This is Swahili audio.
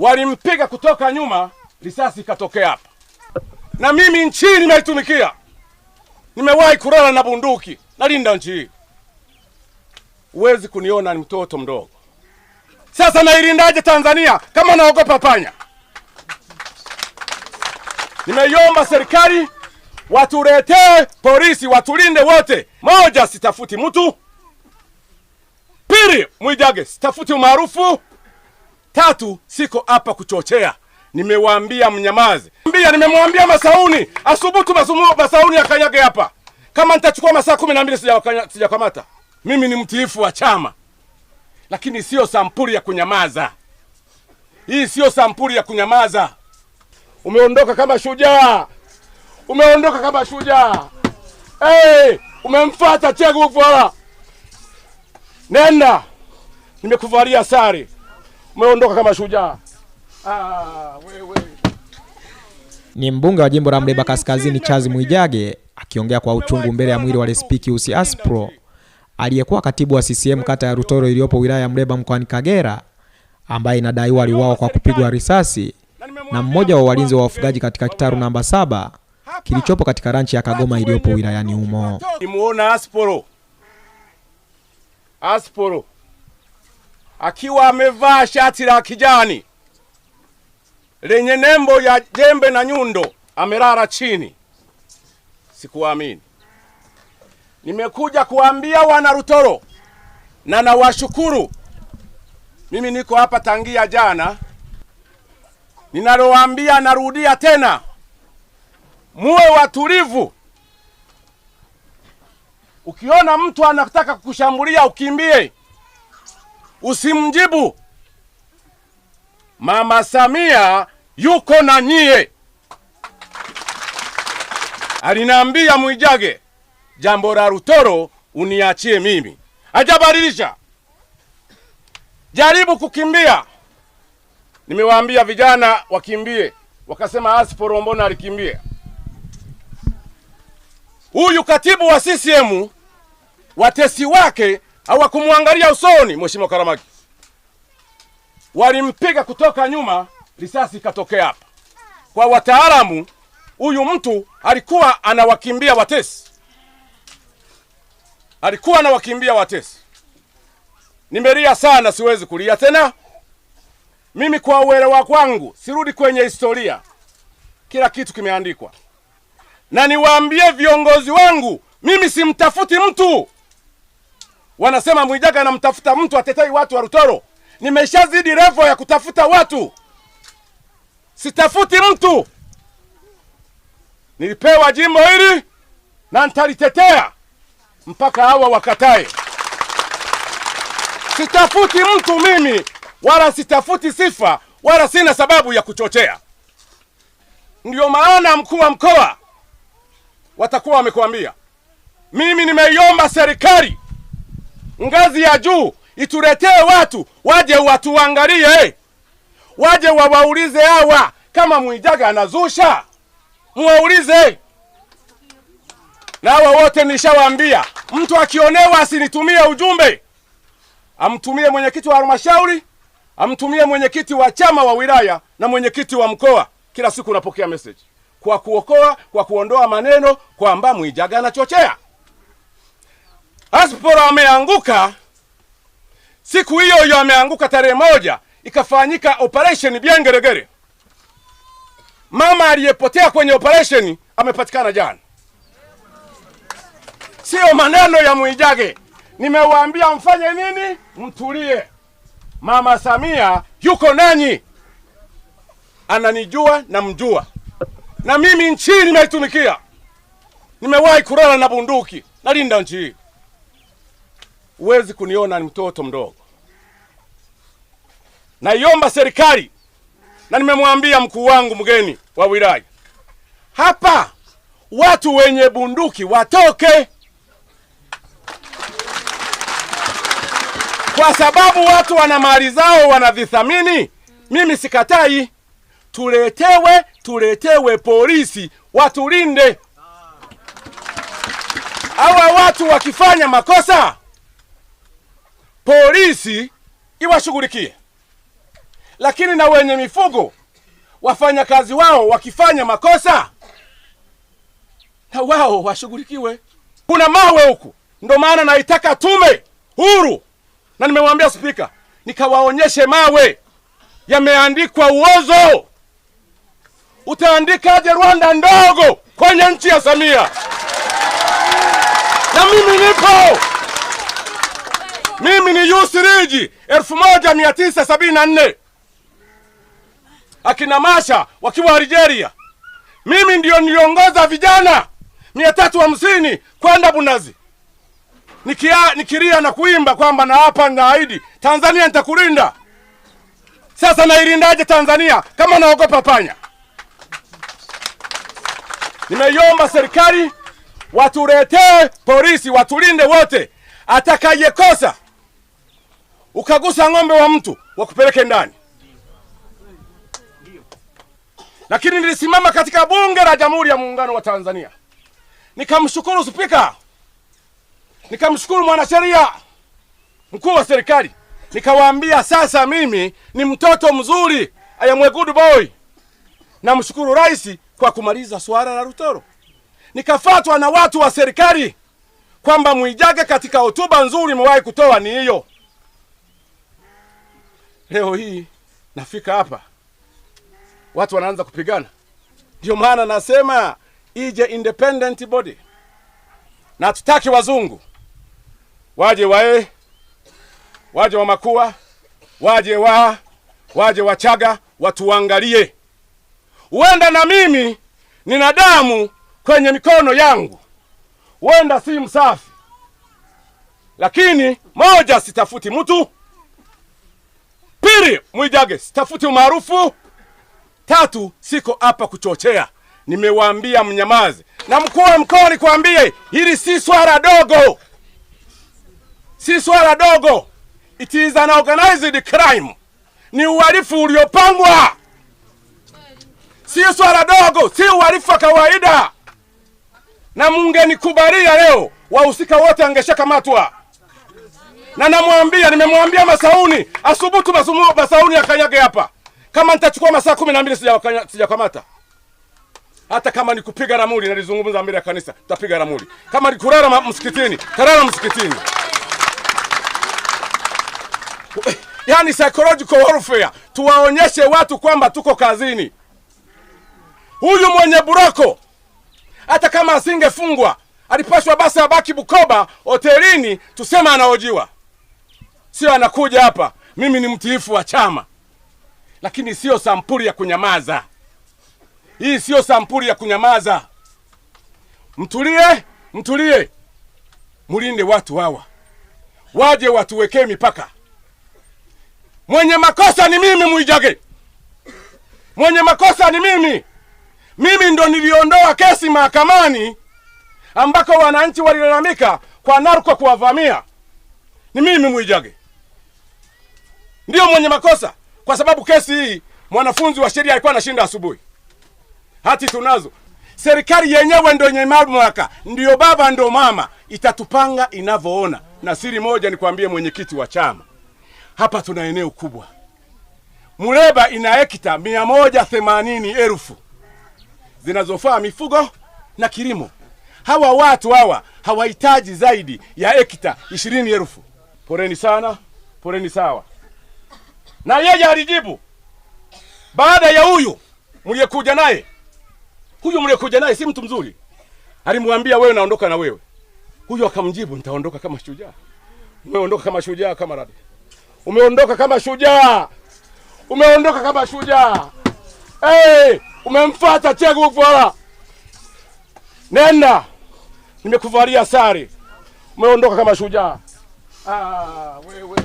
walimpiga kutoka nyuma, risasi ikatokea hapa. Na mimi nchi hii nimeitumikia, nimewahi kulala na bunduki, nalinda nchi hii. Huwezi kuniona ni mtoto mdogo. Sasa nailindaje Tanzania kama naogopa panya? Nimeiomba serikali watuletee polisi watulinde wote. Moja, sitafuti mtu; pili, Mwijage, sitafuti umaarufu Tatu, siko hapa kuchochea, nimewaambia mnyamaze. Mbia, nimemwambia Masauni asubutu masumu, Masauni akanyage hapa. Kama nitachukua masaa kumi na mbili sijakamata. Mimi ni mtiifu wa chama, lakini siyo sampuli ya kunyamaza. Hii siyo sampuli ya kunyamaza. Umeondoka kama shujaa, umeondoka kama shujaa. Hey, umemfata Che Guevara, nenda, nimekuvalia sare umeondoka kama shujaa. Ah, wewe. Ni mbunge wa jimbo la Mleba Kaskazini Charles Mwijage akiongea kwa uchungu mbele ya mwili wa Lespiki Usi Aspro aliyekuwa katibu wa CCM kata ya Rutoro iliyopo wilaya ya Mleba mkoani Kagera ambaye inadaiwa aliuawa kwa kupigwa risasi na mmoja wa walinzi wa wafugaji katika kitaru namba saba kilichopo katika ranchi ya Kagoma iliyopo wilayani humo. Nimuona Asporo. Asporo akiwa amevaa shati la kijani lenye nembo ya jembe na nyundo, amelala chini. Sikuamini. Nimekuja kuambia wana Rutoro na nawashukuru. Mimi niko hapa tangia jana, ninalowaambia narudia tena, muwe watulivu. Ukiona mtu anataka kukushambulia ukimbie usimjibu. Mama Samia yuko na nyie. Alinaambia Mwijage, jambo la Rutoro uniachie mimi. Hajabadilisha. Jaribu kukimbia. Nimewaambia vijana wakimbie, wakasema Asporo alikimbia? Huyu katibu wa CCM watesi wake hawakumwangalia usoni. Mheshimiwa Karamagi walimpiga kutoka nyuma, risasi ikatokea hapa. Kwa wataalamu, huyu mtu alikuwa anawakimbia watesi, alikuwa anawakimbia watesi. Nimelia sana, siwezi kulia tena. Mimi kwa uelewa kwangu, sirudi kwenye historia, kila kitu kimeandikwa. Na niwaambie viongozi wangu, mimi simtafuti mtu wanasema Mwijaga anamtafuta mtu atetai watu wa Rutoro. Nimeshazidi revo ya kutafuta watu, sitafuti mtu. Nilipewa jimbo hili na nitalitetea mpaka hawa wakatae. Sitafuti mtu mimi, wala sitafuti sifa, wala sina sababu ya kuchochea. ndio maana mkuu wa mkoa watakuwa wamekuambia, mimi nimeiomba serikali ngazi ya juu ituletee watu waje watuangalie, waje wawaulize hawa, kama Mwijaga anazusha muwaulize. Na hawa wote nishawaambia, mtu akionewa asinitumie ujumbe, amtumie mwenyekiti wa halmashauri, amtumie mwenyekiti wa chama wa wilaya na mwenyekiti wa mkoa. Kila siku unapokea message kwa kuokoa, kwa kuondoa maneno kwamba Mwijaga anachochea. Aspora ameanguka siku hiyo hiyo, ameanguka tarehe moja, ikafanyika operation biengeregere. Mama aliyepotea kwenye operation amepatikana jana. Siyo maneno ya Mwijage, nimewaambia mfanye nini? Mtulie. Mama Samia yuko nanyi, ananijua na mjua, na mimi nchi nimeitumikia, nimewahi kulala na bunduki, nalinda nchi hii huwezi kuniona ni mtoto mdogo. Naiomba serikali na nimemwambia mkuu wangu mgeni wa wilaya hapa, watu wenye bunduki watoke, kwa sababu watu wana mali zao wanavithamini. Mimi sikatai, tuletewe tuletewe polisi watulinde. Hawa watu wakifanya makosa polisi iwashughulikie, lakini na wenye mifugo wafanyakazi wao wakifanya makosa na wao washughulikiwe. Kuna mawe huku, ndo maana naitaka tume huru, na nimemwambia Spika nikawaonyeshe mawe yameandikwa uozo. Utaandikaje Rwanda ndogo kwenye nchi ya Samia? Na mimi nipo. Usiriji 1974 akina Masha wakiwa Algeria, mimi ndio niliongoza vijana mia tatu hamsini kwenda Bunazi nikia, nikilia na kuimba kwamba na hapa naahidi Tanzania nitakulinda. Sasa nailindaje Tanzania kama naogopa panya? Nimeiomba serikali watuletee polisi watulinde wote, atakayekosa ukagusa ng'ombe wa mtu wakupeleke ndani. Lakini nilisimama katika bunge la Jamhuri ya Muungano wa Tanzania nikamshukuru Spika, nikamshukuru mwanasheria mkuu wa serikali, nikawaambia sasa mimi ni mtoto mzuri, I am a good boy. Namshukuru rais kwa kumaliza suala la Rutoro. Nikafatwa na watu wa serikali kwamba Mwijage katika hotuba nzuri mwahi kutoa ni hiyo leo hii nafika hapa watu wanaanza kupigana. Ndio maana nasema ije independent body, na tutaki wazungu waje wae waje wa Makua waje wa waje Wachaga watuangalie. Huenda na mimi nina damu kwenye mikono yangu, huenda si msafi, lakini moja, sitafuti mtu Mbili, Mwijage sitafuti umaarufu. Tatu, siko hapa kuchochea, nimewaambia mnyamaze. Na mkuu wa mkoa nikwambie, hili si swala dogo, si swala dogo. It is an organized crime, ni uhalifu uliopangwa, si swala dogo, si uhalifu wa kawaida. Na mungenikubalia leo, wahusika wote angeshakamatwa na namwambia, nimemwambia Masauni asubutu masumu, Masauni akanyage hapa, kama nitachukua masaa kumi na mbili sijakamata hata kama ni kupiga ramuli, nalizungumza mbele ya kanisa, tapiga ramuli. Kama ni kulala msikitini, talala msikitini. Yani psychological warfare, tuwaonyeshe watu kwamba tuko kazini. Huyu mwenye buroko, hata kama asingefungwa, alipashwa basi abaki Bukoba hotelini, tuseme anaojiwa sio anakuja hapa, mimi ni mtiifu wa chama, lakini siyo sampuli ya kunyamaza. Hii siyo sampuli ya kunyamaza. Mtulie, mtulie, mulinde watu hawa waje watuwekee mipaka. Mwenye makosa ni mimi, Mwijage, mwenye makosa ni mimi. Mimi ndo niliondoa kesi mahakamani ambako wananchi walilalamika kwa narko kuwavamia. Ni mimi Mwijage ndiyo mwenye makosa, kwa sababu kesi hii mwanafunzi wa sheria alikuwa anashinda asubuhi. Hati tunazo, serikali yenyewe ndio yenye mamlaka, ndio baba, ndio mama, itatupanga inavyoona. Na siri moja nikwambie, mwenyekiti wa chama, hapa tuna eneo kubwa Muleba ina hekta mia moja themanini elfu zinazofaa mifugo na kilimo. Hawa watu hawa hawahitaji zaidi ya hekta ishirini elfu. Poleni sana, poleni sawa na yeye alijibu baada ya huyu mliyekuja naye. Huyu mliyekuja naye si mtu mzuri, alimwambia wewe, naondoka na wewe. Huyu akamjibu nitaondoka kama shujaa. Umeondoka kama shujaa kamarade, umeondoka kama shujaa, umeondoka kama shujaa. Hey, umemfata Cheguvala, nenda, nimekuvalia sare. Umeondoka kama shujaa. Ah, wewe